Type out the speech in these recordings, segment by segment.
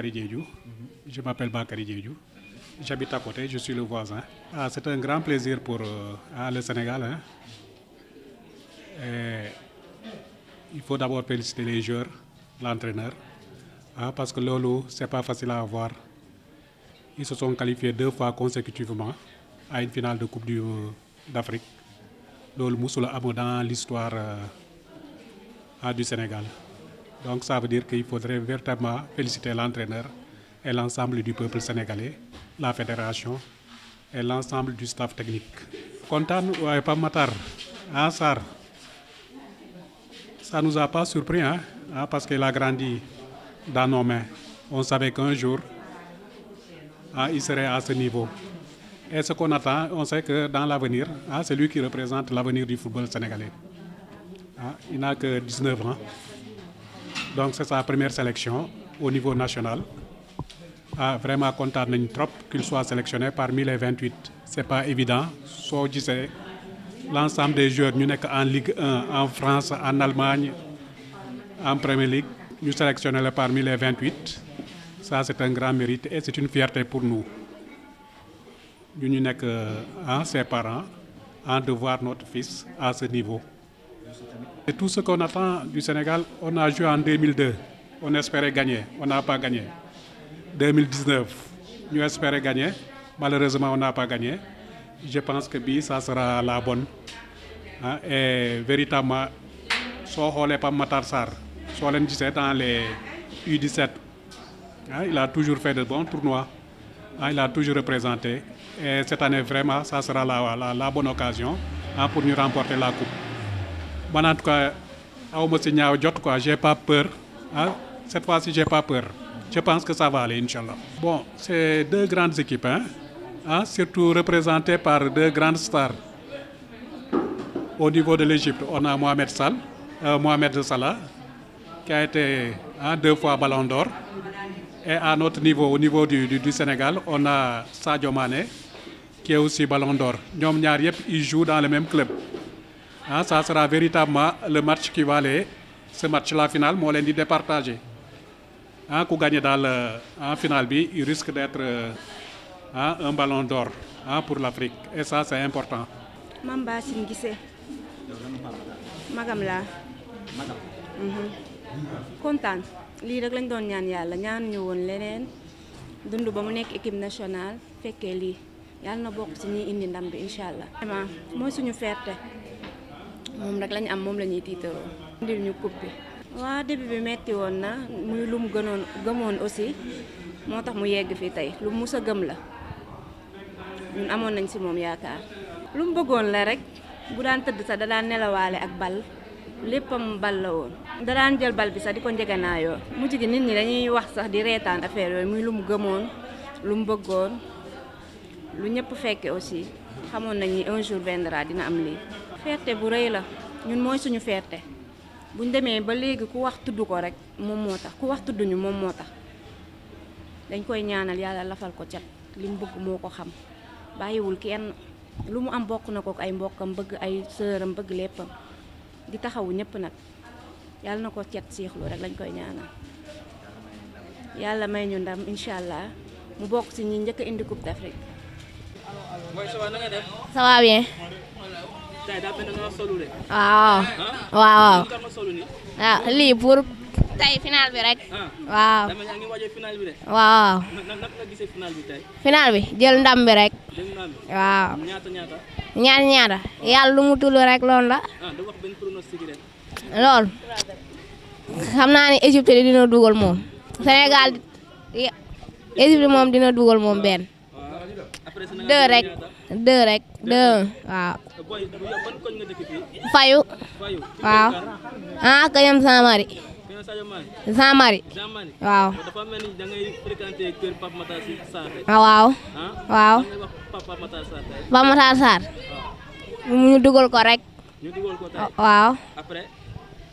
Bakary Diédhiou. Mhm. Je m'appelle Bakary Diédhiou. à côté, je suis le voisin. Ah, c'est un grand plaisir pour euh, ah, il faut d'abord féliciter les joueurs, l'entraîneur, parce que loolu c'est pas facile à avoir. Ils se sont qualifiés deux fois consécutivement à une finale de Coupe du, euh, d'Afrique. Lolo Moussoula dans l'histoire euh, du Sénégal. Donc ça veut dire qu'il faudrait véritablement féliciter l'entraîneur et l'ensemble du peuple sénégalais, la fédération et l'ensemble du staff technique. Kontaan waaye Pape Matar ah Sarr ça nous a pas surpris ah, parce qu'il a grandi dans nos mains. On savait qu'un jour hein, ah, il serait à ce niveau. Et ce qu'on attend, on sait que dans l'avenir, hein, ah, c'est lui qui représente l'avenir du football sénégalais. il n'a que 19 ans. donc c'est sa première sélection au niveau national a ah, vraiment kontaan nañ trop qu'il soit sélectionné parmi les 28 c'est pas évident soo gisee l'ensemble des joueurs ñu nekk en Ligue 1 en France en Allemagne en Premier League ñu sélectionné la parmi les 28 ça c'est un grand mérite et c'est une fierté pour nous ñu ñu nekk en euh, ses parents en de voir notre fils à ce niveau Et tout ce qu'on attend du Sénégal, on a joué en 2002. On espérait gagner, on n'a pas gagné. 2019, nous espérait gagner. Malheureusement, on n'a pas gagné. Je pense que bi, ça sera la bonne. Hein? Et véritablement, soo xoolee Pape Matar Sarr soo leen gisee dans les U17 ah il a toujours fait de bons tournois ah il a toujours représenté et cette année vraiment ça sera la la la bonne occasion ah pour ñu remporter la coupe. man en tout cas aw ma jot quoi j'ai pas peur ah cette fois-ci j'ai pas peur je pense que ça va allah. bon c'est deux grandes équipes hein ah surtout représentées par deux grandes stars au niveau de l'Égypte on a Mohamed Sall euh, Mohamed Salah qui a été deux fois Ballon d'Or et à notre niveau au niveau du Sénégal on a Sadio Mané qui aussi Ballon ñoom ñaar yëpp ils jouent dans le même club. ah ça sera véritablement le match qui va les ce match la final moo leen di départager ah ku gagné daal euh, en finale bi il risque d'être euh, ah un ballon d'or ah pour l'Afrique et ça c'est important. Mame Bassine Guissé. magam laa. magam. kontaan lii rek lañ doon ñaan yàlla ñaan ñu woon leneen dund ba mu nekk équipe nationale fekkee lii yàlla na bokk ci ñiy indi ndam bi incha allah. mooy suñu fierté. moom rek lañ am moom lañuy ñuy tiitaroo. indil ñu coupe bi. waaw début bi metti woon na muy lu gënoon gëmoon aussi moo tax mu yegg fii tey lu mu mus gëm la ñun amoon nañ si moom yaakaar. lu mu bëggoon la rek bu daan tëdd sax da nelawaale ak bal léppam bal la woon. dadaan jël bal bi sax di ko njëganaayoo. mu gi nit ñi dañuy wax sax di reetaan affaire yooyu muy lu mu gëmoon lu mu bëggoon lu ñëpp fekke aussi xamoon nañ ni un jour vendra dina am lii. fierté bu rëy la ñun mooy suñu fierté buñ demee ba léegi ku wax tudd ko rek moom moo tax ku wax tudd ñu moom moo tax dañ koy ñaanal yàlla lafal ko cat li mu bëgg moo ko xam bàyyiwul kenn lu mu am bokk na ko ay mbokkam bëgg ay sëram bëgg léppam di taxawu ñëpp nag yàlla na ko cet siixlu rek dañ koy ñaanal yàlla may ñu ndam incha allah mu bokk si ñi njëkk a indi Coupe d'Afrique. ça waaw waaw waaw ah, lii pour tey final bi rek ah. waaw waaw final bi jël ndam bi rek waaw ñaata ñaata yàlla lu mu tudd rek loolu la ah, loolu xam naa ni Égypte dina dugal moom Sénégal Égypte moom dina dugal moom benn deux rek deux rek deux waaw. fayu waaw. ah Kayam Samari. Samari waaw. waaw. waaw. Pape Matar mu ñu dugal ko rek. waaw.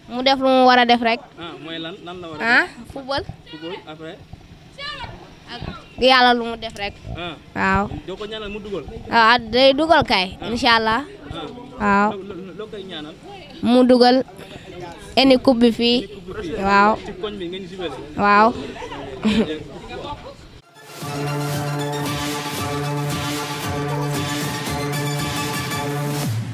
mu def mu war a def rek. ah, ah football. ak yàlla lu mu def rek. Ah. waaw. dugal. waaw ah, day dugal kay. Ah. incha allah. waaw. mu dugal. indi coupe bi waaw. waaw.